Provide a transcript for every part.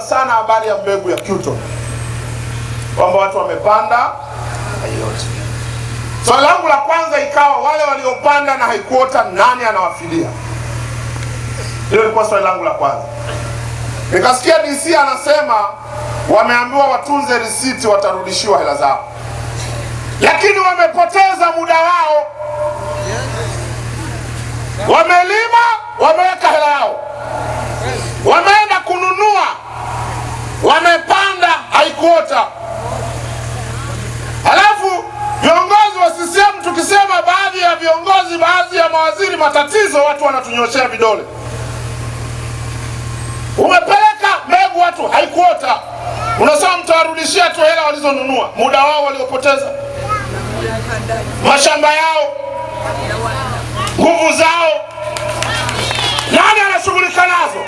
sana habari ya mbegu ya q kwamba watu wamepanda yote. Swali so, langu la kwanza ikawa wale waliopanda na haikuota nani anawafidia? Hilo lilikuwa swali langu la kwanza. Nikasikia DC anasema wameambiwa watunze risiti, watarudishiwa hela zao, lakini wamepoteza muda wao baadhi ya mawaziri matatizo, watu wanatunyoshea vidole. Umepeleka mbegu, watu haikuota, unasema mtawarudishia tu hela walizonunua, muda wao waliopoteza, mashamba yao, nguvu zao. Nani anashughulika nazo?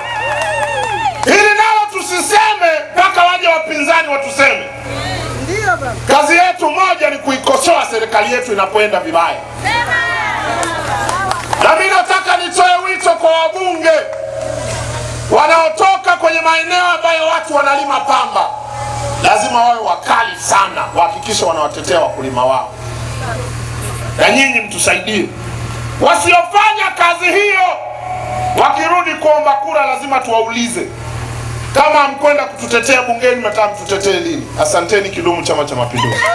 Hili nalo tusiseme mpaka waje wapinzani watuseme. Kazi yetu moja ni kuikosoa serikali yetu inapoenda vibaya. maeneo ambayo watu wanalima pamba lazima wawe wakali sana, wahakikishe wanawatetea wakulima wao, na nyinyi mtusaidie. Wasiofanya kazi hiyo wakirudi kuomba kura, lazima tuwaulize kama hamkwenda kututetea bungeni, mtaa mtutetee lini? Asanteni. Kidumu Chama cha Mapinduzi!